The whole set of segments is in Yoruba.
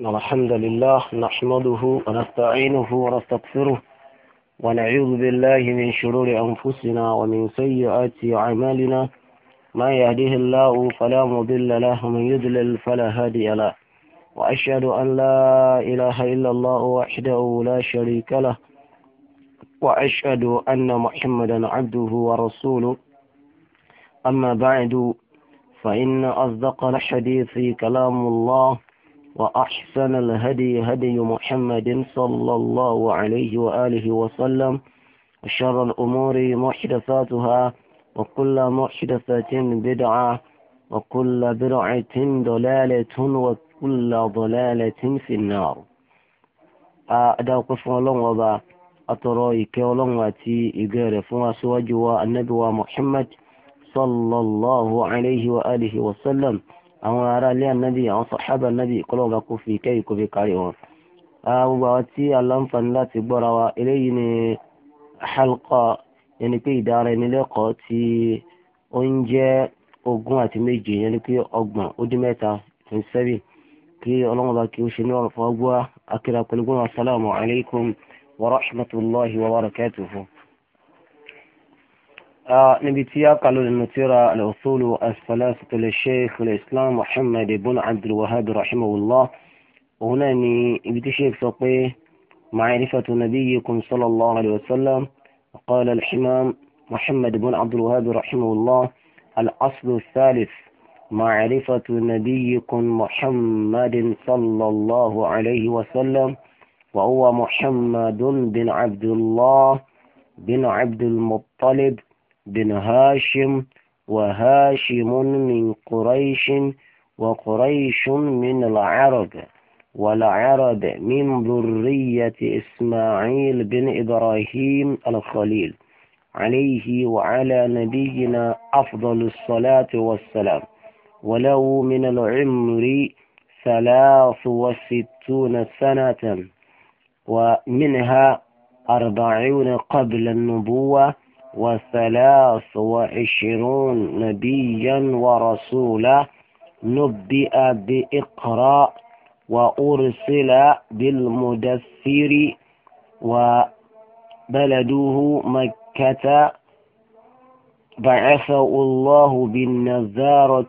الحمد لله نحمده ونستعينه ونستغفره ونعوذ بالله من شرور أنفسنا ومن سيئات أعمالنا ما يهده الله فلا مضل له ومن يضلل فلا هادي له وأشهد أن لا إله إلا الله وحده لا شريك له وأشهد أن محمدا عبده ورسوله أما بعد فإن أصدق الحديث كلام الله وأحسن الهدي هدي محمد صلى الله عليه وآله وسلم وشر الأمور محدثاتها وكل محدثة بدعة وكل بدعة ضلالة وكل ضلالة في النار أدعوك فن الله وبا أترى إكي الله واتي إغير فن سواجوا النبي محمد صلى الله عليه وآله وسلم àwọn ará ilé ànábì àwọn sàhábà ànábì kọ́lọ́wọ́n bá kó fi kẹ́yìn kó fi kárí wọn. gbogbo àwọn tí aláǹfààní láti gbọ́ra wa eléyìí ni halqa yẹni pé ìdára ẹni lẹ́kọ̀ọ́ ti oúnjẹ ogún àti méje yẹni pé ọgbọ̀n ó dín mẹ́ta twenty seven kí ọlọ́wọ́n kí ó ṣe ní ọ̀rọ̀ fún ọgbọ́n akérè pẹ̀lú gbọ́n assalamu alaikum wa rahmatullahi wa barakatuhu. آه، نبي تياق على المثيرة الأصول الثلاثة للشيخ الإسلام محمد بن عبد الوهاب رحمه الله وهنا نبي شيخ فقيه معرفة نبيكم صلى الله عليه وسلم قال الحمام محمد بن عبد الوهاب رحمه الله الأصل الثالث معرفة نبيكم محمد صلى الله عليه وسلم وهو محمد بن عبد الله بن عبد المطلب بن هاشم وهاشم من قريش وقريش من العرب والعرب من ذرية إسماعيل بن إبراهيم الخليل عليه وعلى نبينا أفضل الصلاة والسلام وله من العمر ثلاث وستون سنة ومنها أربعون قبل النبوة وثلاث وعشرون نبيا ورسولا نبئ بإقراء وأرسل بالمدثر وبلده مكة بعثه الله بالنذارة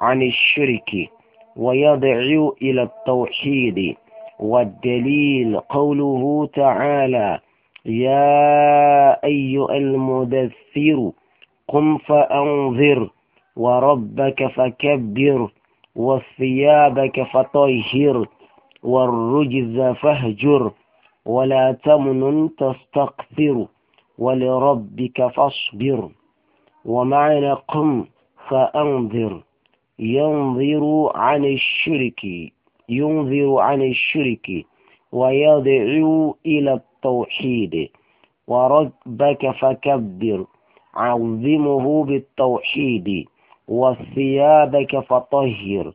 عن الشرك ويدعو إلى التوحيد والدليل قوله تعالى يا أيها المدثر قم فأنذر وربك فكبر وثيابك فطهر والرجز فاهجر ولا تمن تستكثر ولربك فاصبر ومعنى قم فأنذر ينظر عن الشرك ينظر عن الشرك ويدعو إلى بالتوحيد وربك فكبر عظمه بالتوحيد وثيابك فطهر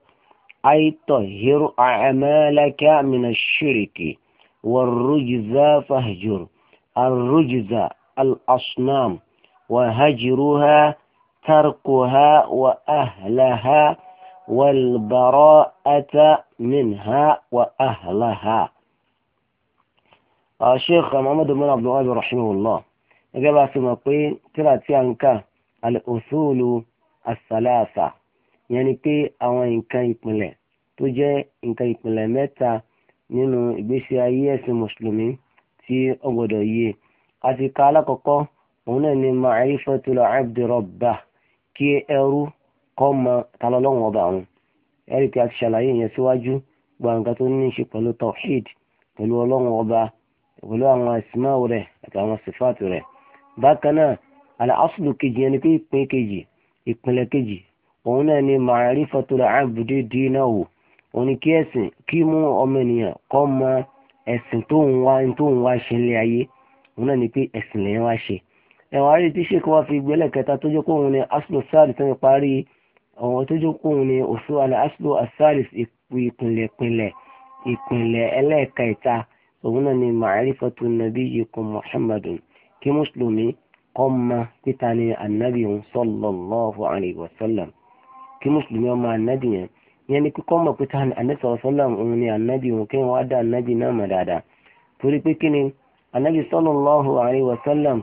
أي طهر أعمالك من الشرك والرجز فاهجر الرجز الأصنام وهجرها تركها وأهلها والبراءة منها وأهلها الشيخ محمد بن عبد الوهاب رحمه الله إجابة سمقي تراتي أنك الأصول الثلاثة يعني كي أو إن كان يكمل تجي إن كان يكمل متى nínú ìgbésí ayé ẹ̀sìn mùsùlùmí tí ó gbọdọ̀ yé àti ká alákọ̀ọ́kọ́ òun náà ni ma'rifatul abdi rabbah kí ẹrú kọ́ mọ talọ́lọ́wọ́n ọba àwọn ẹ̀rí pé a ti ṣàlàyé yẹn síwájú gbàǹgà tó ní í ṣe pẹ̀lú tawhid pẹ̀lú ọlọ́wọ́n ọba pẹ̀lú àwọn àsìmáwò rẹ̀ àti àwọn sífàtì rẹ̀ bákan náà àlà asùlù kejì ẹni pé ìpín kejì ìpínlẹ̀ kejì òun náà ni ma'rifatul abdi dinahu òun ni kí ẹ̀sìn kí mú ọmọ ènìyàn kọ́ mọ ẹ̀sìn tó ń wá tó ń wá ṣe ilé ayé òun náà ni pé ẹ̀sìn lẹ́yìn wá ṣe ẹ̀wọ̀n àrí tí ṣe kí wọ́n fi gbẹ́lẹ̀ kẹta tó jẹ́ kó òun ni asùlù sáàlì tó ń parí ọ̀wọ́n tó jẹ́ kó òun ni òṣù àlà asùlù sáàlì ìpínlẹ̀ ìpínlẹ̀ ìpínlẹ̀ ẹlẹ́ẹ̀kẹta òun náà ni ma'rifatu nabiyyikum muhammadun kí mùsùlùmí kọ́ ma títa ni ànábì ń sallallahu alayhi wa sallam kí mùsùlùmí ọmọ ànábì yẹn yẹn ni kíkọ́ mọ̀ pé táwọn ànábì sallallahu alayhi wa sallam ni ànábì wọn kí wọ́n á dá ànábì náà mọ̀ dáadáa torí pé kí ni ànábì sallallahu alayhi wa sallam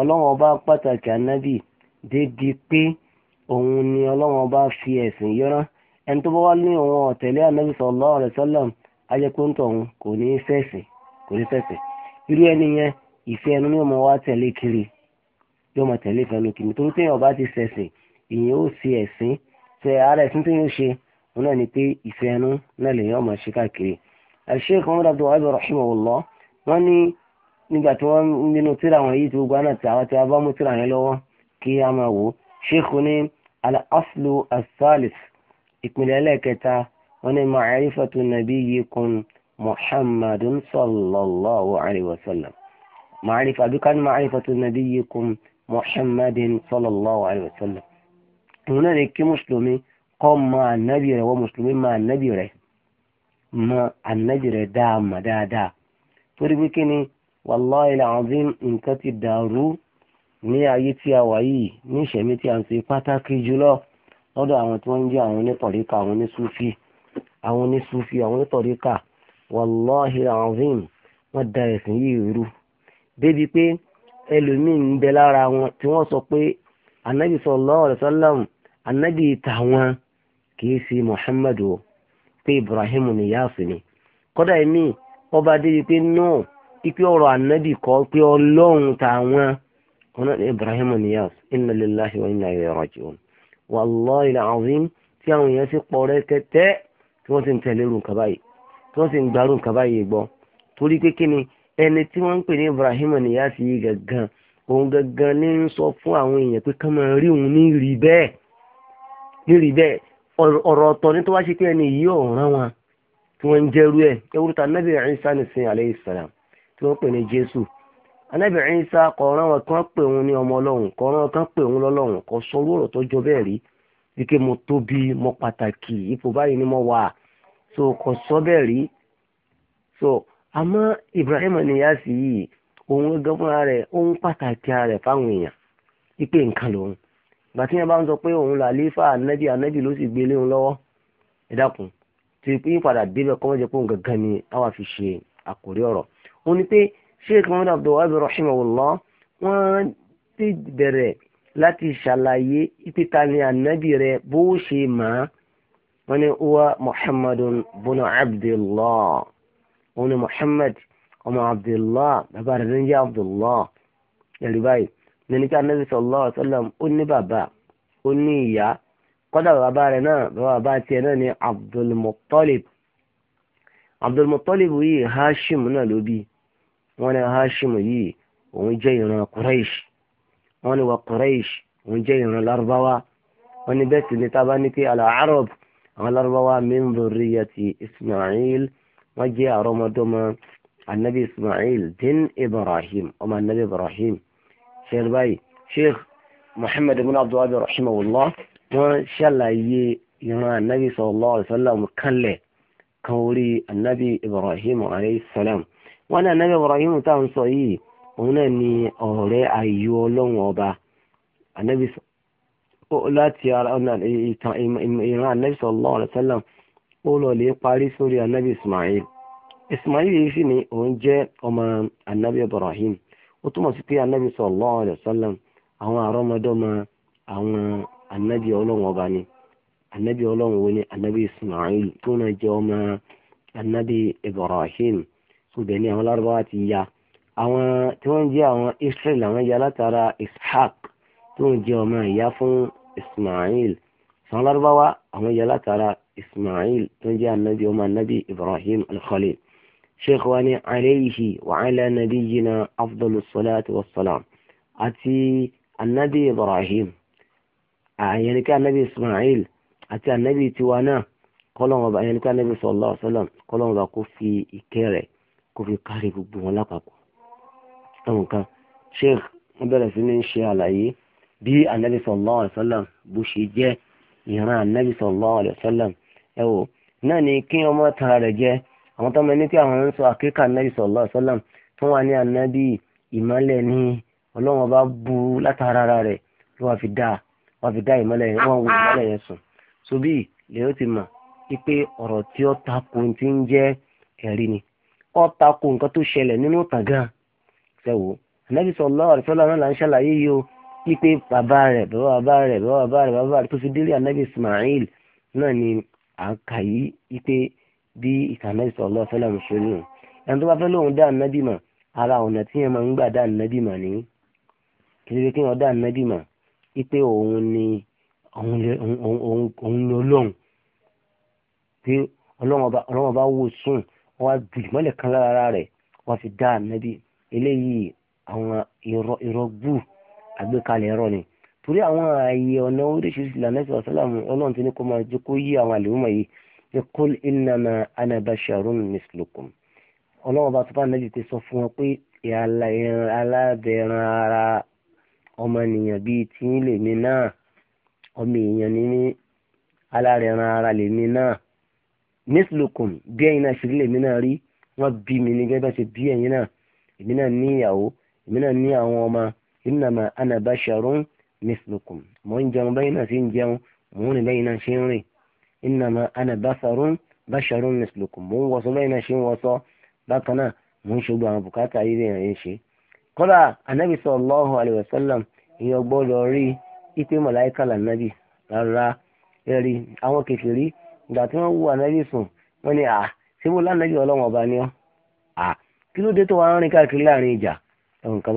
ọlọ́wọ́n ọba pàtàkì ànábì débi pé òun ni ọlọ́wọ́n ọba fi ẹ̀sìn yọ́rán ẹni tó bá wá ní òun ọ̀tẹ̀lé ànábì sallallahu alayhi wa sallam òun kò ní í fẹ́sìn kò ní ṣẹ̀ṣẹ̀ irú ẹni yẹn ìfẹ́ ẹnu ni ọmọ wa tẹ̀lé kiri yóò mọ tẹ̀lé fẹnu kiri torí téèyàn bá ti ṣẹ̀sìn ìyẹn ó ṣe ẹ̀sìn ṣe ara ẹ̀sìn téèyàn ṣe òun náà ni pé ìfẹ́ ẹnu náà lèyàn ọmọ ṣe káàkiri Al-Sheikh Muhammad Abdul Wahab rahimahullah wọ́n ní nígbà tí wọ́n nínú tíra wọn yìí tí gbogbo àná tí àwọn tí a bá mú tíra yẹn lọ́wọ́ kí a máa wò ṣéèkù ní al-aslu as-salis ìpìlẹ̀ ẹlẹ́ẹ̀kẹta wọ́n ní ma'rifatu nabiyyikum محمد صلى الله عليه وسلم معرفة بكان معرفة نبيكم محمد صلى الله عليه وسلم هنالك مسلمي قم مع النبي ومسلمين مع النبي ما النبي دام دا دا تربكني والله العظيم إن كتي دارو ní ayé tí a wà yìí ní ìṣẹ̀mí tí a ń ṣe pàtàkì jùlọ lọ́dọ̀ àwọn tí wọ́n ń jẹ́ àwọn wàláhi azim wọ́n da ẹ̀sìn yìí rú débi pé ẹlòmíín ń bẹ lára wọn tí wọ́n sọ pé anabi sallallahu alaihi wasallam anabi tàwọn kìí sí muhammadu pé ibrahim nìyáàsì ni kódà èmi ọba débi pé náà ipe ọ̀rọ̀ anabi kọ pé ọlọ́run tàwọn ọ̀nà ibrahim nìyáàsì inna lillahi wa inna ilayhi raji'un wàláhi azim tí àwọn èèyàn sì pọ̀ rẹ́kẹ̀tẹ́ tí wọ́n sì ń tẹ̀lé irú nǹkan báyìí. tí wọ́n sì ń gbarú nǹkan báyìí gbọ́ torí pé kí ni ẹni tí wọ́n ń pè ní Ibrahim sí yìí gangan òun gangan ní ń sọ fún àwọn èèyàn pé kán máa rí òun ní rí bẹ́ẹ̀ ní rí bẹ́ẹ̀ ọ̀rọ̀ ọ̀tọ̀ ní tó wá ṣe pé ẹni yìí ọ̀ràn wọn tí wọ́n ń jẹ́rú ẹ̀ salam tí wọ́n pè ní Jésù kọ̀ọ̀ràn wọn pè òun ní ọmọ Ọlọ́run kọ̀ọ̀ràn pè òun lọ́lọ́run ọ̀rọ̀ tó jọ bẹ́ẹ̀ rí so kò sọ bẹ́ẹ̀ rí so àmọ́ Ibrahim Niyasi yìí òun gan fúnra rẹ̀ òun pàtàkì ara rẹ̀ fáwọn èèyàn ipe nǹkan lòun ìgbà tí yẹn bá ń sọ pé òun làlífà anabi anabi ló sì gbélé òun lọ́wọ́ ẹ dákun tí pín padà débẹ̀ kọ́mọ́ jẹ́ pé òun gangan ni àwa fi ṣe àkórí ọ̀rọ̀ òun ni pé Sheikh Muhammad Abdul Wahab rahimahullah wọ́n ti bẹ̀rẹ̀ láti ṣàlàyé ìpìtàní anabi rẹ̀ bó ṣe máa wọ́n ní uwa muhammadun bunu abdullah wọ́n ní muhammad ọmọ abdullah bàbá rẹ̀ ń jẹ́ abdullah yẹ̀rì báyìí nínú kí anabi sallallahu alaihi wasallam ó ní bàbá ó ní ìyá kọ́dà bàbá rẹ̀ náà bàbá tiẹ̀ náà ní abdulmutalib abdulmutalib yìí hashim náà ló bí wọ́n ní hashim yìí òun jẹ́ ìran quraish wọ́n ní wa quraish òun jẹ́ ìran larubawa wọ́n ní bẹ́ẹ̀ sì ní pé ala àwọn alárúbáwá min dhurriyyati ismail wọ́n jẹ́ àrọ́mọdọ́mọ anabi ismail din ibrahim ọmọ anabi ibrahim ṣẹlẹ báyìí sheikh muhammad ibn abdulwahab rahimahullah wọ́n ṣàlàyé ìran anabi sallallahu alaihi wasallam kanlẹ̀ kan orí anabi ibrahim alayhi salam wọ́n ní anabi ibrahim táwọn sọ yìí òun náà ni ọ̀rẹ́ ayọ̀ ọlọ́run ọba anabi sọ láti ara ọ̀nà ìtàn ìran anabi sallallahu alaihi wasallam ó lọ lè parí sórí anabi ismail ismail yìí sì ni òun jẹ́ ọmọ anabi ibrahim ó túmọ̀ sí pé anabi sallallahu alaihi wasallam àwọn àrọ́mọdọ́mọ àwọn anabi ọlọ́run ọba ni anabi ọlọ́run wo ni anabi ismail tó náà jẹ́ ọmọ anabi ibrahim ṣùgbọ́n ní àwọn lárúbáwá ti ya àwọn tí wọ́n jẹ́ àwọn israel àwọn ya látara ishaq tó ń jẹ́ ọmọ ìyá fún ismail sàn lárúbáwá àwọn yẹ látara ismail tó ń jẹ́ anabi ọmọ anabi ibrahim al-khalil sheikh wa ni alayhi wa ala nabiyyina afdalu salatu wa salam àti anabi ibrahim àyẹnìkẹ́ anabi ismail àti anabi tiwa náà kọ́lọ́wọ́n bá àyẹnìkẹ́ anabi sallallahu alayhi wa sallam kọ́lọ́wọ́n bá kó fi ìkẹ́ rẹ̀ kó fi kárí gbogbo wọn lápapọ̀. àwọn kan sheikh wọ́n bẹ̀rẹ̀ sí ní ṣe àlàyé bí anabi sallallahu alayhi wa sallam bó ṣe jẹ́ ìran anabi sallallahu alayhi wa sallam ẹ wò náà ni kí ọmọ ta rẹ̀ jẹ́ àwọn tọ́mọ ẹni tí àwọn ń sọ àkíkà anabi sallallahu alayhi wa sallam tó wà ní anabi ìmọ́lẹ̀ ní ọlọ́wọ́n bá bu látara rẹ̀ ló wà fi dá wà fi dá ìmọ́lẹ̀ yẹn wọ́n wo ìmọ́lẹ̀ yẹn sùn so bí lè ó ti mọ̀ pé ọ̀rọ̀ tí ó takò ti ń jẹ́ ẹ̀rí ni ó takò nǹkan tó ṣẹlẹ̀ nínú ìtàn ṣẹ́wó anabi sallallahu alayhi náà là ń ṣàlàyé yìí o pípé bàbá rẹ̀ bàbá bàbá rẹ̀ bàbá bàbá rẹ̀ bàbá rẹ̀ tó fi délé anabi ismail náà ni à ń kà yí pípé bí ìkànnì sọ̀lọ́ fẹ́lẹ́ mi ṣe lóhùn ẹni tó bá fẹ́ lóhùn dá anabi mà ara ọ̀nà tí yẹn máa ń gbà dá anabi mà ní kìlìkì kí wọ́n dá anabi mà pípé òun ni òun ni ọlọ́run pé ọlọ́run ọba wò sùn wọ́n wá gbìyànjú mọ́lẹ̀ kan lára rẹ̀ wọ́n fi dá anabi eléyìí àwọn irọ́ àgbékalẹ̀ ẹ̀rọ ni torí àwọn ààyè ọ̀nà oríṣiríṣi lànàṣẹ́ ọ̀sálàmù ọlọ́run ti ní kó máa jẹ́ kó yí àwọn àlèhùnmọ̀ yìí ní kul innama ana basharun mislukum ọlọ́run bá tó bá nàbì ti sọ fún wọn pé alábẹ̀rẹ̀ ara ọmọnìyàn bíi tiyín lèmi náà ọmọ èèyàn ní ní alárẹ̀rẹ̀ ara lèmi náà mislukum bí ẹ̀yin náà ṣe lèmi náà rí wọ́n bí mi ní gẹ́gẹ́ bá ṣe bí ẹ̀yin náà èmi náà ní ìyàwó èmi náà ní àwọn ọmọ innama ana basharun mislukum mò ń jẹun bẹ́yìn náà sì ń jẹun mò ń rìn bẹ́yìn náà ṣe ń rìn innama ana basharun basharun mislukum mò ń wọṣọ bẹ́yìn náà ṣe ń wọṣọ bákan náà mò ń ṣogbó àwọn bùkátà yìí rìn rìn ṣe. kódà anabi sallallahu alayhi wa sallam èèyàn gbọ́dọ̀ rí ipe mọ̀láìkà lànàbì rárá ẹ̀rí àwọn kèfèrí ìgbà tí wọ́n wú ànábì sùn wọ́n ní à síbò lánàbì ọlọ́wọ́n ọba ni ọ́ à kí ló dé tó wàá rìn káàkiri láàrin ìjà ẹ̀wọ̀n kan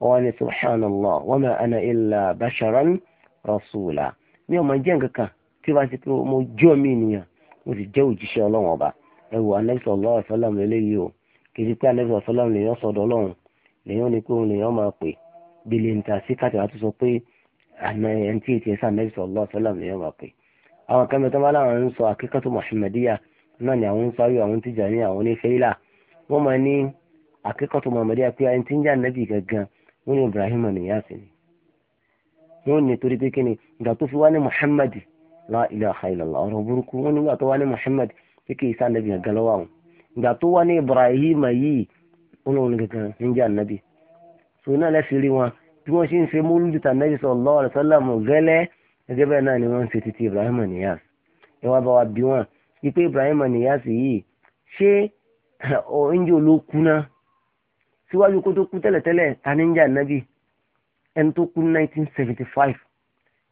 wọ́n ní subhanallah wa ma ana illa basharan rasula ní ọmọ jẹ́ nǹkan kan tí wọ́n ti pé mo jọ́ mi nìyàn mo sì jẹ́ òjíṣẹ́ ọlọ́run ọba ẹ wò anabi sọlọ ọsọlọm lélẹyìí o kì í pé anabi ọsọlọm lèyàn sọdọ ọlọ́run lèyàn ni pé òun lèyàn máa pè bílẹ̀ níta sí kàtà wàá tó sọ pé ẹni tí ètò ẹ̀sán anabi sọlọ ọsọlọm lèyàn máa pè. àwọn kan mẹ́ta bá láwọn ń sọ akẹ́kọ̀ọ́ muhammadiya náà ni àwọn ń sáré àwọn tìjàní àwọn onífẹ́yìlà wọ́n máa ń wọ́n ní ibrahim niyasi ni wọ́n ní torí pé kíni ìgbà tó fi wá ní muhammad la ilaha illallah ọ̀rọ̀ burúkú wọ́n nígbà tó wá ní muhammad pé kì í sá nàbì gàgà lọ́wọ́ ìgbà tó wá ní ibrahim yìí wọ́n lòun gàgàn ń jẹ́ ànábì so náà lẹ́sìn rí wọn bí wọ́n ṣe ń ṣe múlùdù tànàbì sallallahu alaihi wasallam gẹ́lẹ́ gẹ́gẹ́ bẹ́ẹ̀ náà ni wọ́n ṣe títí ibrahim niyasi ẹ wá bá wa bí wọn ipe ibrahim niyasi yìí ṣé oúnjẹ olókùn náà síwájú kó tó kú tẹ́lẹ̀tẹ́lẹ̀ ta ní jà nábì ẹni tó kú 1975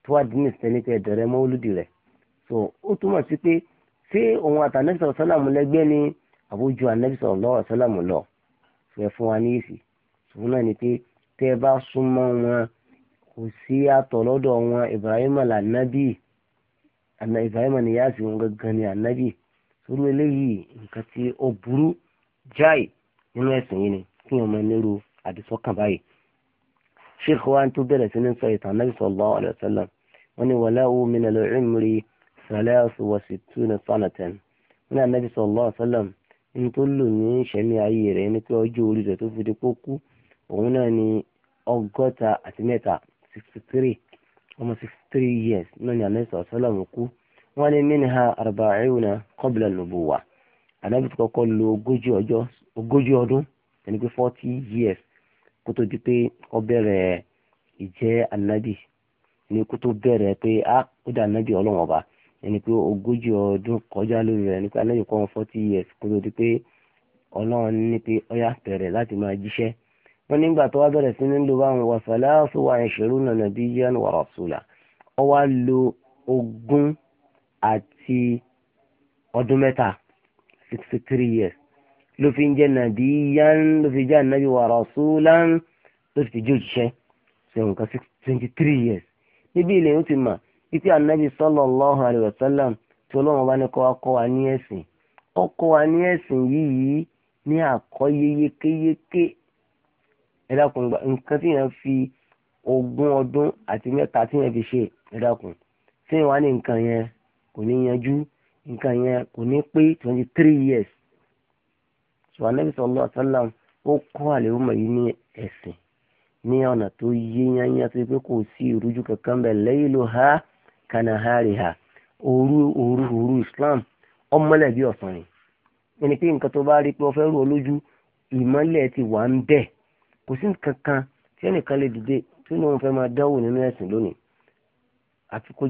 tó wà dín nìsẹ́ ní tẹ̀ dẹ̀rẹ́ mọ́wúlùdì rẹ̀ so ó túmọ̀ sí pé ṣé òun àtànẹ́bí sọ̀rọ̀ sálàmù lẹ́gbẹ́ ni àbójú ànẹ́bí sọ̀rọ̀ lọ́wọ́ sálàmù lọ fẹ́ fún wa ní èsì ṣùgbọ́n náà ni pé tẹ́ ẹ bá súnmọ́ wọn kò sí àtọ̀ lọ́dọ̀ wọn Ibrahim lànàbì àna Ibrahim ni yáàsì wọn gangan ni ànàbì sórí eléyìí nǹkan tí ó burú jáì nínú ẹ̀sìn yìí ni kí ọmọ nírú àdìsọ́kàn báyìí sheikh wa tó bẹ̀rẹ̀ sí ní sọ ìtàn Ànábì sallallahu alaihi wasallam wọ́n ní walahu min al-umri salasu wa situna sanatan wọ́n ní Ànábì sallallahu alaihi wasallam ní tó lò ní ìṣẹ̀mí ayé rẹ̀ ní pé ọjọ́ orí rẹ̀ tó fi di pókú òun náà ní ọgọ́ta àti mẹ́ta sixty three ọmọ sixty three years náà ní Ànábì sallallahu alaihi wasallam kú wọ́n ní minha arba'una qabla an ẹni pé forty years kó tó di pé ó bẹ̀rẹ̀ ìjẹ́ anabi ni kó tó bẹ̀rẹ̀ pé a ó dà anabi ọlọ́run ọba ẹni pé ogójì ọdún kọjá lórí rẹ̀ ẹni pé anabi kọ́ wọn forty years kó tó di pé ọlọ́run ní pé ó yá bẹ̀rẹ̀ láti máa jíṣẹ́ wọ́n nígbà tó wá bẹ̀rẹ̀ sí ní lo báwọn wà fàlàáfù wà ẹ̀ṣẹ̀rú nànà bí yẹn wà rọ̀ṣùlà ọ wá lo ogún àti ọdún mẹ́ta sixty three years ló fi ń ya nàbíyán ló fi jẹ́ ànábì wa rasulan ló fi jẹ́ òjíṣẹ́ sẹ́wọ̀n kan twenty three years níbí ilẹ̀ yóò ti mà ipe ànábì sallallahu alayhi wa tí ọlọ́run bá ní kọ́ akọ́ wa ní ẹ̀sìn ọkọ̀ wa ní ẹ̀sìn yìí ní àkọ́yé yékéyéké nǹkan tí yẹn fi ogún ọdún àti mẹ́ta tí yẹn fi ṣe ṣùgbọ́n Ànábì sallallahu alaihi wasallam ó kọ́ àlèhùnmọ̀ yìí ní ẹ̀sìn ní ọ̀nà tó yé yányá tó pé kò sí ìrújú kankan bẹ́ẹ̀ layluha ha òru òru òru Islam ọmọlẹ̀ bí ọ̀sán ni ẹni pé nǹkan tó bá rí pé ó fẹ́ rú olójú ìmọ́lẹ̀ ti wà ń bẹ̀ kò sí kankan tí ẹnìkan lè dìde tí òun fẹ́ máa dánwò nínú ẹ̀sìn lónìí àti kó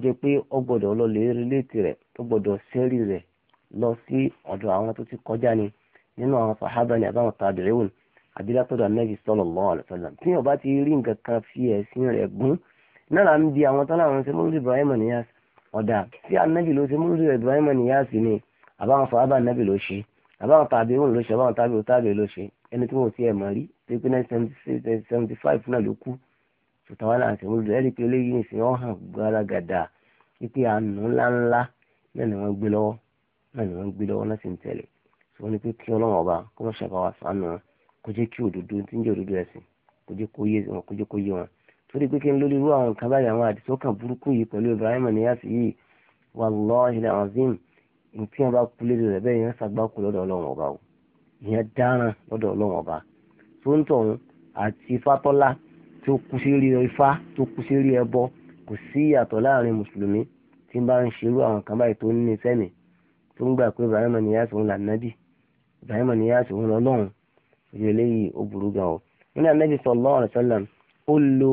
nínú àwọn sàhábà ni àbáwọn tàbíùn àbí látọ̀dọ̀ Ànábì sallallahu alaihi wasallam tí yóò bá ti rí nǹkan kan fi ẹ̀sìn rẹ̀ gún náà ń bi àwọn tán láwọn ṣe mọ́lúdì Ibrahim Niyas ọ̀dà tí Ànábì ló ṣe Ibrahim Niyas ni àbáwọn sàhábà Ànábì ló ṣe àbáwọn tàbíùn ló ṣe àbáwọn tàbíù tàbí ló ṣe ẹni tí wọn ò tiẹ̀ mọ̀ rí pé pé seventy five náà ló kú ṣùtàwọn náà ṣe mọ́lúdì ẹ̀rí pé eléyìí nìṣẹ́ ọ̀hàn gbàràgàdà pípé àánú ńláńlá náà ni wọ́n gbé lọ́wọ́ náà ni wọ́n gbé lọ́wọ́ náà sì ń tẹ̀lé wọ́n ní pé kí ọlọ́run ọba kó wọ́n ṣàbáwá sànù kó jẹ́ kí òdodo tí ń jẹ́ òdodo ẹ̀sìn kó jẹ́ kó yé wọn kó jẹ́ kó yé wọn torí pé kí n lórí irú àwọn nǹkan báyìí àwọn àdìsọ́kàn burúkú yìí pẹ̀lú Ibrahim Niyas yìí wallahi alazim nǹkan yẹn bá kú lédè rẹ̀ bẹ́ẹ̀ yẹn ṣàgbákò lọ́dọ̀ ọlọ́run ọba o ìyẹn dáràn lọ́dọ̀ ọlọ́run tó ń gbà pé Ibrahim Niyas òun là nábì ibrahim ni yá ṣòwò ọlọ́run ìrè eléyìí ó burú gan o wọn ní anabi sallallahu alaihi wasallam ó lo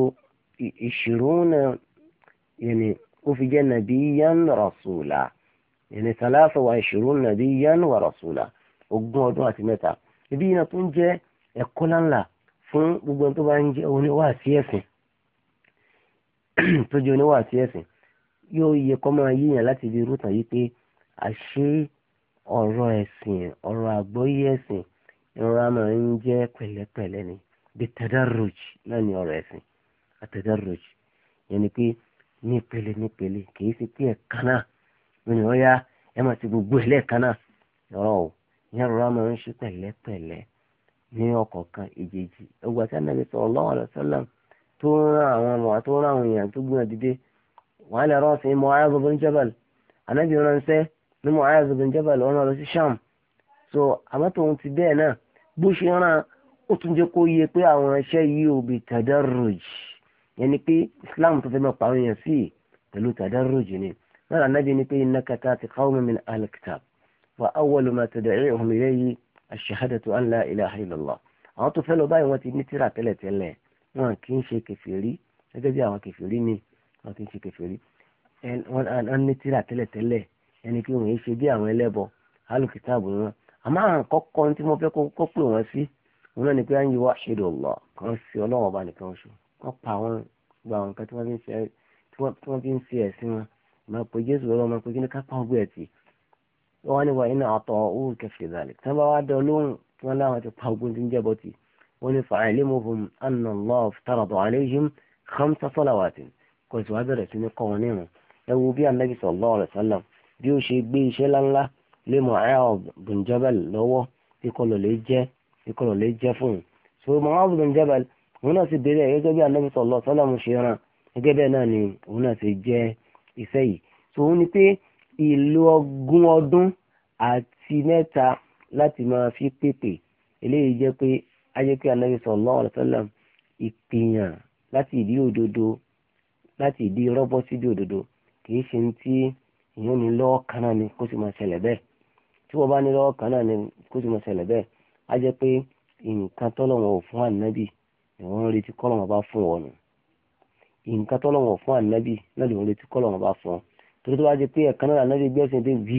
ìṣirúnà yẹnì ó fi jẹ́ nabiyyan rasula yẹnì salasa wa ìṣirúnà nabiyyan wa rasula ogún ọdún àti mẹ́ta ibi yìí náà tún jẹ́ ẹ̀kọ́ ńláńlá fún gbogbo tó bá ń jẹ́ oníwàásí ẹ̀sìn tó jẹ́ oníwàásí ẹ̀sìn yóò yẹ kọ́ máa yíyàn láti ibi rútàn yìí pé àṣé ọ̀rọ̀ ẹ̀sìn ọ̀rọ̀ àgbọ́yé ẹ̀sìn ìrora máa ń jẹ́ pẹ̀lẹ́pẹ̀lẹ́ ni bí tadarruj náà ni ọ̀rọ̀ ẹ̀sìn àtadarruj yẹn ni pé ní ìpele ní ìpele kì í ṣe pé ẹ̀ka náà lónìí wọ́n yá ẹ máa ti gbogbo ẹ̀ lẹ́ẹ̀ka náà ọ̀rọ̀ o ìyẹn ìrora máa ń ṣe pẹ̀lẹ́pẹ̀lẹ́ ní ọgbà tí ní Mu'az bin Jabal lọ́nà lọ sí Sham so àmọ́ tòun ti bẹ́ẹ̀ náà bó ṣe rán ó tún jẹ́ kó yẹ pé àwọn iṣẹ́ yìí ò bí tadarruj yẹn ni pé Islam tó fẹ́ mọ̀ pàrọ̀ yẹn sí pẹ̀lú tadarruj ni náà nàbí ni pé innaka ta'ti qawman min ahli kitab wa awwalu ma tad'uhum ilayhi ash-shahadatu an la ilaha illallah àwọn tó fẹ́ lọ báyìí wọ́n ti ní tíra tẹ́lẹ̀tẹ́lẹ̀ wọn kì í ṣe kẹfìrí gẹ́gẹ́ bí àwọn kẹfìrí ni wọn kì í ṣe kẹfìrí wọn ní tíra tẹ́lẹ̀tẹ́lẹ̀ ẹni pé wọ́n yé ṣe bí àwọn ẹlẹ́bọ alùkìtàbù wọn àmọ́ àwọn kọ́kọ́ tí mo fẹ́ kó pè wọ́n sí wọn náà ni pé à ń yí wá ṣèdò lọ kàn sí ọlọ́wọ́ ọba nìkan oṣù wọ́n pa àwọn gba àwọn nǹkan tí wọ́n fi ń ṣe ẹ̀sìn wọn máa pe jésù lọ́wọ́ máa pe kí ni ká pa ọgbẹ́ ẹ̀tì wọ́n wá ní wà iná àtọ̀ owó kẹfì ìdàlẹ̀ tí wọ́n bá wá dán lóhùn tí wọ́n láwọn ti pa ogun tí ń jẹ́ bọ́tì wọ́n ní fa'alimuhum anna Allah iftarada alayhim khamsa salawatin kò sì wá bẹ̀rẹ̀ sí ní kọ́ wọn nírun ẹ wo bí anabi sallallahu alaihi bí ó ṣe gbé iṣẹ́ ńláńlá lé Mu'adh bin Jabal lọ́wọ́ ìkọlọ̀ lè jẹ́ ìkọlọ̀ lè jẹ́ fún un. so Mu'adh bin Jabal òun náà ti bẹ̀rẹ̀ gẹ́gẹ́ bí Ànábì sallallahu alaihi wasallam ṣe ràn gẹ́gẹ́ bẹ́ẹ̀ náà ni òun náà ti jẹ́ iṣẹ́ yìí. so òun ni pé ìlú ogún ọdún àti mẹ́ta láti máa fi pèpè eléyìí jẹ́ pé ajẹ́ pé Ànábì sallallahu alaihi wasallam kì í ṣe ní ti ìyẹn ni lọ́wọ́ kan ni kó sì máa ṣẹlẹ̀ bẹ́ẹ̀ tí wọ́n bá ní lọ́wọ́ kan ni kó sì máa ṣẹlẹ̀ bẹ́ẹ̀ á jẹ́ pé nǹkan tọ́lọ́wọ́ ò fún ànábì ìwọ́n ń retí kọ́lọ́wọ́ bá fún ọ nù nǹkan tọ́lọ́wọ́ fún ànábì náà lè ń retí kọ́lọ́wọ́ bá fún ọ torí tó bá jẹ́ pé ẹ̀kan náà ànábì gbẹ́sìn dé bì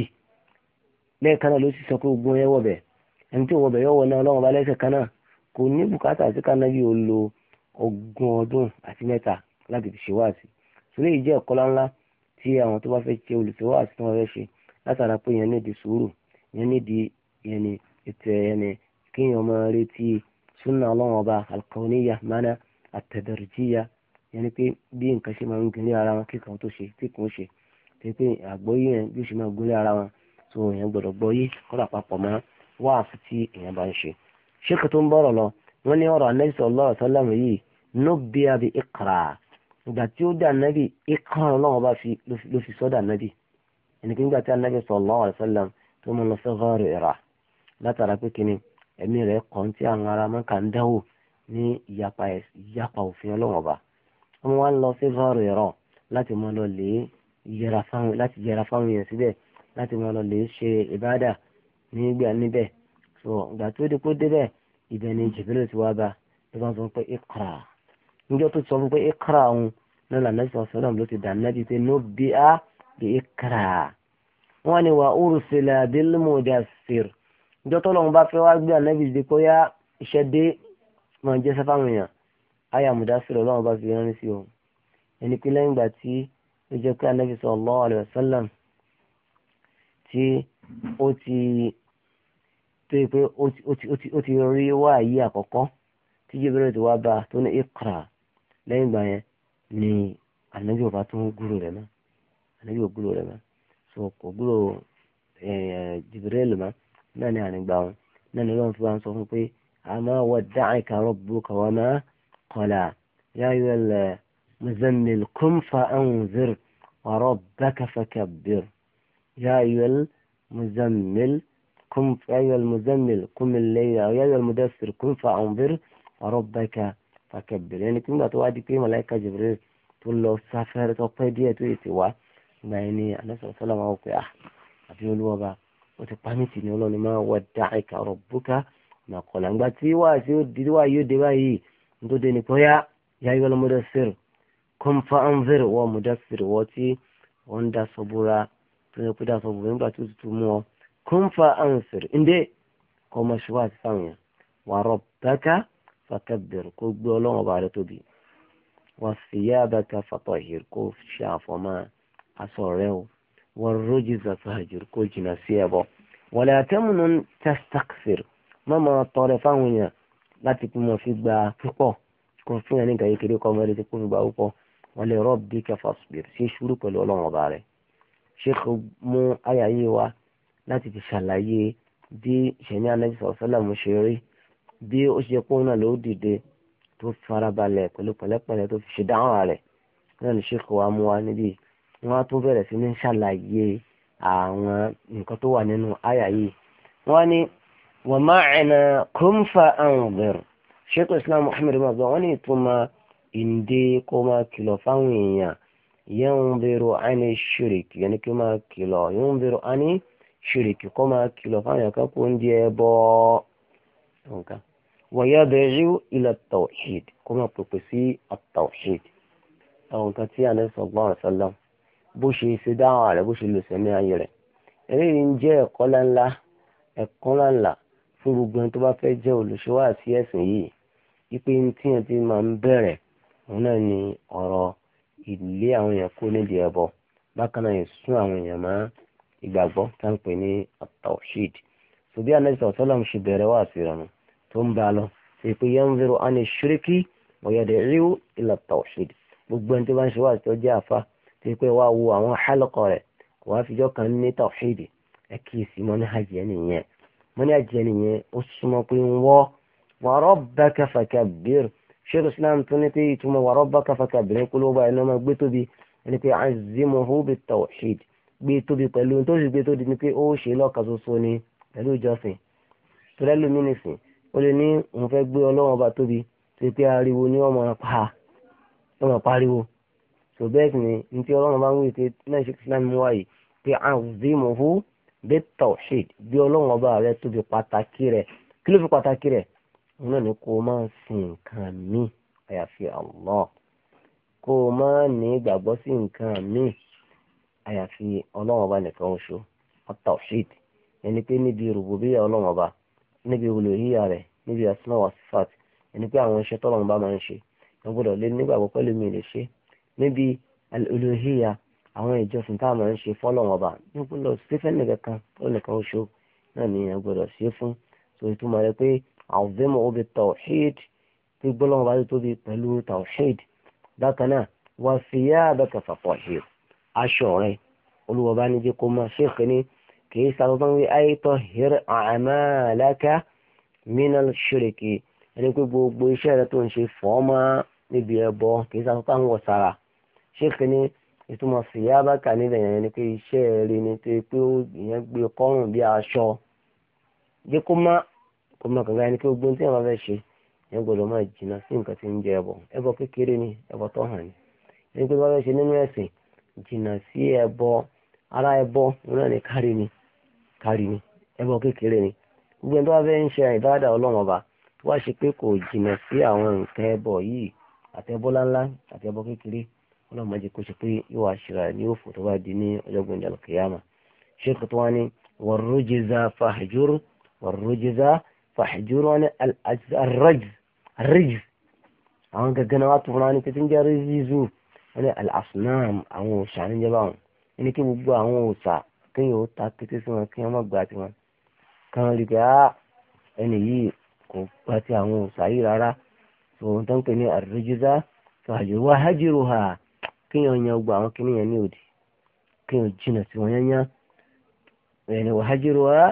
lẹ́ẹ̀kan náà ló sì sọ pé ogun ẹ wọ̀bẹ̀ ẹni tí òwọ̀bẹ̀ yọ̀wọ̀ náà ọlọ́wọ́ bá lẹ́sẹ̀ kan náà kò ní bùkátà sí kánábì ó lo ogún ọdún àti mẹ́ta láti fi ṣèwádìí torí ìjẹ́ ẹ̀kọ́ ńlá tí àwọn tó bá fẹ́ ṣe olùfẹ́wọ́ àti tí wọ́n fẹ́ ṣe látara pé yẹn nídìí sùúrù yẹn nídìí yẹn ni ètò yẹn ni kéèyàn máa retí súnà ọlọ́run ọba alkaoniya mana àtẹ̀dẹ̀rẹ̀jíya yẹn ni pé bí nǹkan ṣe máa ń gun ní ara wọn kíkan tó ṣe tí kò ṣe tí pé àgbọ́yé yẹn bí ó ṣe máa gun ní ara wọn tó yẹn gbọ́dọ̀ gbọ́yé kọ́dà papọ̀ mọ́ wáàsí tí èèyàn bá ń ṣe. ṣé kò tó ń bọ̀rọ̀ lọ wọ́n ní ọ̀rọ̀ anẹ́sọ̀ lọ́rọ̀ sọ́lá ìgbà tí ó dà nábì ikán ọlọ́run ọba ló fi sọ́dà nábì ẹni pé nígbà tí anábì sallallahu alaihi wasallam tó mọ lọ sọ́gọ́rì rà látara pé kíni ẹ̀mí rẹ̀ kàn tí àwọn ará mọ́kà ń dáwò ní ìyapa òfin ọlọ́run ọba wọ́n wá ń lọ sọ́gọ́rì rà láti mọ lọ lè yẹra fáwọn láti yẹra fáwọn èèyàn síbẹ̀ láti mọ lọ lè ṣe ìbádà nígbà níbẹ̀ so ìgbà tó dé kó débẹ̀ ìbẹ̀ níjọ́ tó sọ fún pé ikra òun náà lànà sọ sọ́dọ̀ ló ti dànù náà pé no bí a bí ikra wọn ni wà ursila bil mudassir níjọ́ tó lọ́n bá fẹ́ wá gbé ànábì dé kó yá iṣẹ́ dé máa jẹ́ sáfàmù yàn ayé mudassir ọlọ́run bá fi rán sí o ẹni pé lẹ́yìn ìgbà tí ó jẹ́ pé ànábì sallallahu alaihi wasallam tí ó ti tó yẹ pé ó ti rí wáyé àkọ́kọ́ tí Jibril ti wá bá tó ní ikra. lẹ́yìn ìgbà yẹn ni ànábì ọba tó ń gúrò rẹ̀ mọ́ ànábì ò gúrò rẹ̀ mọ́ so kò gúrò jìbìrẹ́lì mọ́ náà ni ànígbà wọn náà ni ọlọ́run fi wá sọ fún pé àmọ́ wadda'aka rabbuka wa ma qala ya ayyuhal muzammil qum fa anzir wa rabbaka fakabbir ya ayyuhal muzammil قم يا أيها المزمل قم الليل lẹ́ يا أيها المدثر قم فأنظر وربك fàkẹ̀bẹ̀r ẹni pé nígbà tó wá di pé màláìka Jibril tó lọ sáfẹ́rẹ́ tó pẹ́ díẹ̀ tó ètè wá ìgbà yẹn ni anásọ̀rọ̀ sọ́lá máa wọ pé ah àbí olúwọba ó ti pàmìtì ní ọlọ́ni máa wọ da'aka rabbuka nàkọ́là ńgbà tí wà sí òdìdí wà yóò dé báyìí nítorí dé nípa yá yá yọ lọ́mọdé sẹ́rù kọ́ńfà ń fẹ́rẹ̀ wọ́n mú dá sẹ́rù wọ́n tí wọ́n ń dá sọ́búra tó yẹ kó dá sọ́búra nígbà tó tutù mú ọ kọ́ńfà ń fẹ́rẹ̀ ǹdẹ́ kọ́ ọmọ ṣùgbọ́n àti fáwọn yẹn wà rabbaka fakabir kó gbé ọlọ́run ọba rẹ tóbi wasiyabaka fatahir kó ṣe àfọ̀mọ́ aṣọ rẹ o wọn rojiza fahajir kó jìnnà sí ẹbọ wala tamunun tastakfir má máa tọrẹ fáwọn èèyàn láti pín mọ fi gba púpọ̀ kó fún yẹn nígbà kékeré kọ mọ létí kó fi gba púpọ̀ wọn lè rabbika fasbir ṣe sùúrù pẹ̀lú ọlọ́run ọba rẹ ṣéèkì mú àyà wa láti fi ṣàlàyé bí ìṣẹ̀ní anájísọ̀ sọ́lá mo ṣe rí bí ó ṣe kó náà ló dìde tó farabalẹ̀ pẹ̀lú pẹ̀lẹ́pẹ̀lẹ́ tó fi ṣe dáhùn rẹ̀ náà ní ṣèkò wa mú wa níbí wọn á tún bẹ̀rẹ̀ sí ní ṣàlàyé àwọn nǹkan tó wà nínú àyà yìí wọn ní wa ma'na kum fa anzir sheikh islam muhammed mazda wọn ní ìtumọ̀ ìǹde kó máa kìlọ̀ fáwọn èèyàn yanziru ani shiriki yẹn kí máa kìlọ̀ yanziru ani shiriki kó máa kìlọ̀ fáwọn èèyàn kan kó ń di ẹ bọ́ nǹkan. ويدعو إلى التوحيد كما تقسي التوحيد أو كتي عليه صلى الله عليه وسلم بوشي سداع على بوشي اللي سمع يلي eléyìí ń jẹ́ ẹ̀kọ́ ńláńlá ẹ̀kọ́ ńláńlá fún gbogbo ẹni tó bá fẹ́ jẹ́ olùṣọ́wà sí ẹ̀sìn yìí wípé tí yẹn ti máa ń bẹ̀rẹ̀ òun náà ni ọ̀rọ̀ ilé àwọn èèyàn kó nídìí ẹbọ tó ń bá a lọ ṣe pé yanziru ani ṣíríkì ọ̀yàdẹ̀ ríu ila tawhid gbogbo ẹni tó bá ń ṣe wà tó jẹ́ àfa tó pé wàá wo àwọn halqa rẹ̀ wàá fijọ́ kan ní tawhid ẹ kíyèsí manhaji ẹni yẹn manhaji ẹni yẹn ó súnmọ́ pé ń wọ́ wa rabbaka fakabbir sheikh islam tó ní pé ìtumọ̀ wa rabbaka fakabbir ń pẹ̀lú tó sì gbé tóbi ó lè ní òun fẹ́ gbé ọlọ́wọ́n ọba tóbi tó pé ariwo ni wọ́n máa pa wọ́n máa pariwo tó bẹ́ẹ̀ sì ni ní tí ọlọ́wọ́n bá ń wí pé náà ṣe islam wáyé pé azimuhu bi tawhid bí ọlọ́wọ́n ọba rẹ tóbi pàtàkì rẹ kí ló fi pàtàkì rẹ òun náà ni kó o máa sin nǹkan mi àyàfi Allah kó o máa ní ìgbàgbọ́ sí nǹkan mi àyàfi ọlọ́wọ́n ọba nìkan ṣo at-tawhid ẹni pé níbi rògbòbíyà ọlọ́wọ́n ọba níbi olùhíyà rẹ̀ níbi asma wa sifat ẹni pé àwọn iṣẹ́ tọ́lọ́run bá máa ń ṣe wọ́n gbọ́dọ̀ lé nígbàgbọ́ pẹ̀lú mi lè ṣe níbi olùhíyà àwọn ìjọsìn tá a máa ń ṣe fọ́lọ́run ọba nígbàgbọ́ stephen nìkan ó nìkan oṣù náà ni ẹ gbọ́dọ̀ ṣe fún so ìtumọ̀ rẹ pé àwùjọ́mọ̀ ó bi tawhid pé gbọ́lọ́wọ́ bá tóbi pẹ̀lú tawhid bákan náà wà fìyà bẹ́ẹ̀ kẹfà pọ̀ ṣe aṣọ rẹ olùwọ́ba níjẹ́ ní kìí sàtọ́tọ́ wí àìtọ́ hìr àmàlàkà minal shiriki ẹni pé gbogbo iṣẹ́ rẹ tó ń ṣe fọ́ mọ́ níbi ẹbọ kìí sàtọ́tọ́ àwọn ọ̀sára ṣéèkì ni ìtumọ̀ síyábàkà nílẹ̀ yẹn ni pé iṣẹ́ rẹ ni tó pé ìyẹn gbé aṣọ ara ebo kárí ni ẹbọ kékeré ni gbogbo ẹni tó bá fẹ́ ń ṣe àìbáradà ọlọ́run ọba tó wá ṣe pé kò jìnà sí àwọn nǹkan ẹbọ yìí àtẹbọ ńláńlá àtẹbọ kékeré ọlọ́run máa jẹ kó ṣe pé yóò àṣírà ní òfò tó bá di ní ọjọ́ gbọ̀ndà lọ́kẹ́yàmà ṣéèkì tó wá ní wàrújìzá fàhìjúr wàrújìzá fàhìjúr wọn ní àrẹ́jì àwọn gẹ́gẹ́ náà wá tó fúnra ní pé tí ń wọn ní àlàsùnàm àwọn òòṣà níjẹ́ báwọn ní kí gbogbo àwọn òòṣà kéèyàn ó ta kété sí wọn kí wọn má gba tiwọn kàn rí pé á ẹni yìí kò gba ti àwọn òòṣà yìí rárá tòun tó ń pè ní àrídójúdá fàájú wá hájírò hà kéèyàn yan gba àwọn kìnìyàn ní òdì kéèyàn jìnnà sí wọn yányán ẹni wà hájírò hà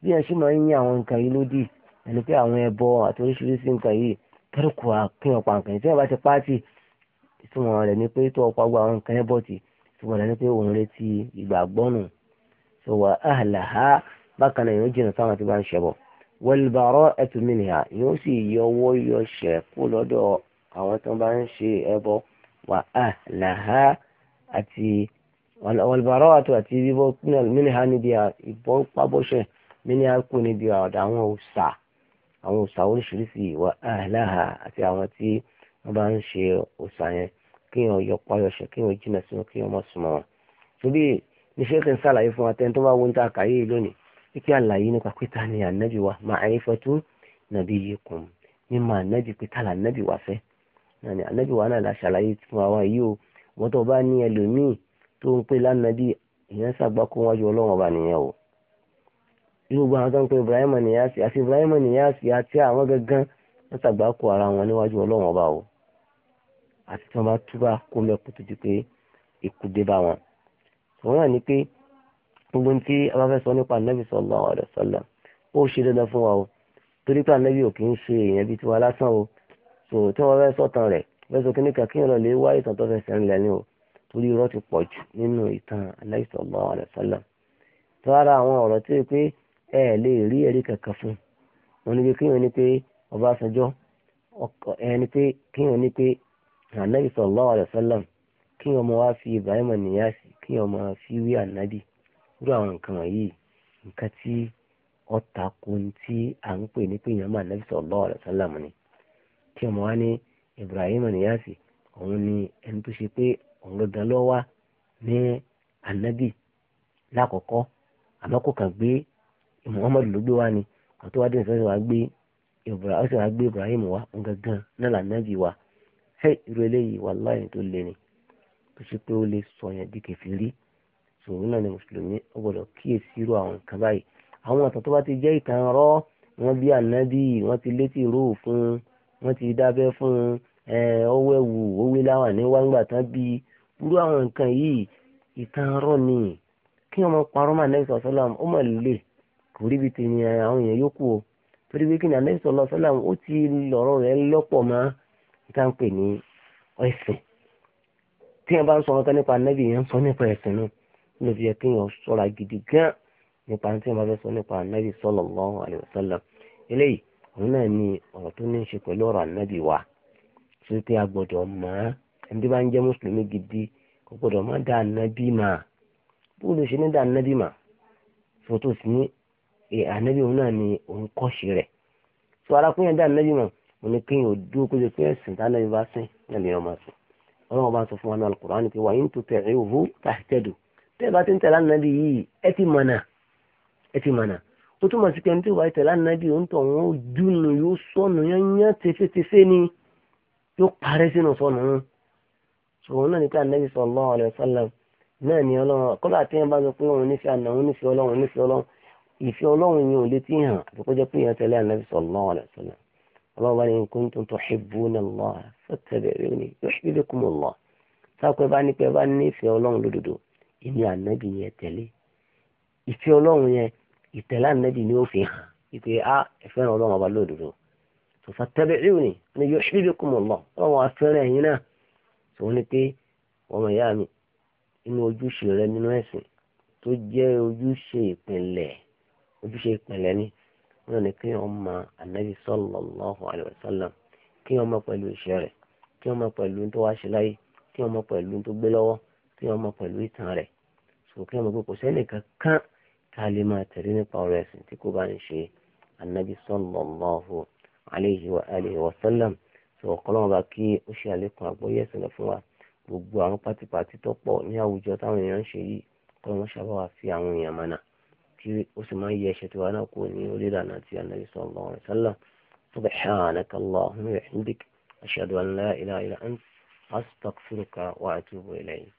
bí ẹ ṣe máa ń yan àwọn nǹkan yìí lódì ẹni pé àwọn ẹbọ àti oríṣiríṣi nǹkan yìí kẹrìkù à kéèyàn pa nǹkan yìí tí wọn bá ti pààtì ìtumọ̀ rẹ̀ ni pé tó ọ̀pọ̀ àgbà àwọn nǹkan ẹbọ ti ìtumọ̀ rẹ̀ ni pé òun retí ìgbàgbọ́ nù so wà ahlaha bákan náà yóò jìnnà sáwọn tí bá ń ṣẹbọ walbara'atu minha yóò sì yọwọ́ yọ ṣẹ̀ kú lọ́dọ̀ àwọn tó bá ń ṣe ẹbọ wà ahlaha àti walbara'atu àti bíbọ́ minha níbi ìbọn pábọ́ṣẹ̀ minha kú níbi ọ̀dọ̀ àwọn òòṣà àwọn òòṣà oríṣiríṣi wà ahlaha àti àwọn tí wọ́n bá ń ṣe òòṣà yẹn kí wọ́n yọ payọ̀ṣẹ̀ kí wọ́n jìnnà sí kí wọ́n mọ̀ súnmọ́ wọn ní ṣéèkì ń ṣàlàyé fún atẹ́ni tó bá wo ń ta àkàyè lónìí wípé àlàyé nípa pété ni ànábì wa ma'rifatu nabiyyikum mímọ ànábì pété là ànábì wa fẹ́ ànábì wa náà la ṣàlàyé fún àwọn yìí o wọ́n tó bá ní ẹlòmíì tó ń pè lánàbì ìyẹn ṣàgbákò wájú ọlọ́run ọba nìyẹn o irú gbọ́n àwọn tó ń pè Ibrahim Niyasi àti Ibrahim Niyasi àti àwọn gangan wọ́n ṣàgbákò ara wọn níwájú ọlọ́run ọba o àti tí wọ́n bá túbà kó mẹ́kù tó pé ikú bá wọn òun náà ni pé gbogbo ní tí a bá fẹ́ sọ nípa ànábì sallallahu alaihi wasallam ó ṣe dandan fún wa o torí pé ànábì ò kì í ṣe èèyàn bíi tiwa lásán o so tí wọ́n fẹ́ sọ̀tàn rẹ̀ fẹ́ sọ kíníkà kí wọ́n lè wá ìtàn tó fẹ́ sẹ́rin lẹ́ni o torí irọ́ ti pọ̀ jù nínú ìtàn ànábì sallallahu alaihi wasallam tó ara àwọn ọ̀rọ̀ tí pé ẹ lè rí ẹ̀rí kankan fún wọn ni pé kí wọ́n ní pé Ọbásanjọ́ ẹni pé kí wọ́n ní pé ànábì sallallahu alaihi wasallam kí ọmọ wa fi Ibrahim níyàsí kí ọmọ fi wí ànábì irú àwọn nǹkan wọ̀nyí nǹkan tí ọ̀tà kun tí à ń pè ní pé èèyàn máa nábì sallallahu alaihi ni kí ọmọ wa ní Ibrahim níyàsí òun ni ẹni tó ṣe pé òun ló dán lọ́wọ́ ní ànábì lákọ̀ọ́kọ́ àmọ́ kò kàn gbé Muhammadu ló gbé wá ni àti wá dé nìkan wá gbé Ibrahim wá gbé Ibrahim wá nǹkan gan náà lànàbì wá ṣé irú eléyìí wàláhì tó le ni. tó ṣe pé ó lè sọyàn di kèfèrí sòun náà ni mùsùlùmí ó gbọ́dọ̀ kíyèsí irú àwọn nǹkan báyìí àwọn àtàn tó bá ti jẹ́ ìtàn rọ́ wọ́n bí ànábì wọ́n ti létí ìró fún wọ́n ti dábẹ́ fún ọwọ́ ẹ̀wù owó láwà ní wáńgbà tán bí irú àwọn nǹkan yìí ìtàn rọ́ ni kí wọ́n parọ́ mọ́ sọ̀rọ̀ sọ́lá ó mọ̀ lè kò ni ànábì tí yẹn bá ń sọ ọ̀rọ̀ kan nípa ànábì yẹn ń sọ nípa ẹ̀sìn náà ló fi kí yẹn sọ́ra gidi gan nípa tí yẹn bá fẹ́ sọ nípa ànábì sallallahu alaihi wasallam eléyìí òun náà ni ọ̀rọ̀ tó ní í ṣe pẹ̀lú ọ̀rọ̀ ànábì wa tó pé a gbọ́dọ̀ mọ̀ ọ́n ẹni bá ń jẹ́ mùsùlùmí gidi kò gbọ́dọ̀ má dá ànábì mà bó ló ṣe ní dá ànábì mà fòtò sí ní ànábì òun náà ni òun kọ́ṣe rẹ̀ tó arákùnrin dá ànábì mà òun ni kéèyàn dúró kó ọlọ́run bá ń sọ fún wa ní alukur'an pé wa in tuti'uhu tahtadu tẹ́ ẹ bá ti ń tẹ̀lé ànábì yìí ẹ ti mọ̀nà ẹ ti mọ̀nà ó túmọ̀ sí pé ẹni tí ìwà ìtẹ̀lé ànábì ó ń tọ̀ wọ́n dùnú yóò sọnù yányán tefetefe ni yóò parẹ́ sínú sọnù ṣùgbọ́n náà ní pé ànábì sallallahu alaihi wasallam náà ni ọlọ́run kọ́lá tí wọ́n bá sọ ọlọ́run bá ní in kuntum tuhibbuna Allah fattabi'uni yuhbibkum Allah sáàpẹ́ bá ní pé bá nífẹ̀ẹ́ ọlọ́run lódodo ìní ànábì yẹn tẹ̀lé ìfẹ́ ọlọ́run yẹn ìtẹ̀lé ànábì ni ó fi hàn ìpè á ẹ̀fẹ́ràn ọlọ́run ọba lódodo tó fattabi'uni ni yuhbibkum Allah ọlọ́run afẹ́rẹ́ ẹ̀yin náà tó ní pé ọmọ ìyá mi inú ojúṣe rẹ nínú ẹ̀sìn tó jẹ́ ojúṣe ìpìnlẹ̀ ojúṣe ìpìnlẹ̀ ni náà ni kí wọ́n mọ ànábì sallallahu alaihi wasallam kí wọ́n mọ pẹ̀lú iṣẹ́ rẹ̀ kí wọ́n mọ pẹ̀lú tó wá ṣe láyé kí wọ́n mọ pẹ̀lú tó gbé lọ́wọ́ kí wọ́n mọ pẹ̀lú ìtàn rẹ̀ sọ kí wọ́n mọ pé kò sẹ́ni kankan tá a lè máa tẹ̀lé nípa ọ̀rọ̀ ẹ̀sìn tí kò bá ń ṣe ànábì sallallahu alaihi wa alihi wasallam sọ bá kí ó ṣe àlékún àgbọ́yé ẹ̀sìn lọ fún wa gbogbo àwọn pátípátí tó pọ̀ ní àwùjọ táwọn èèyàn ń ṣe yìí kọ́ wọn ṣàbáwá fi àwọn èèyàn mọ́nà tí ó sì máa ń yẹ ẹ̀ṣẹ̀ tiwa náà kú ní orí ìlànà tí anabi sallallahu alaihi wasallam subhanaka allahumma wa bihamdik ashhadu an la ilaha illa anta astaghfiruka wa atubu ilayk.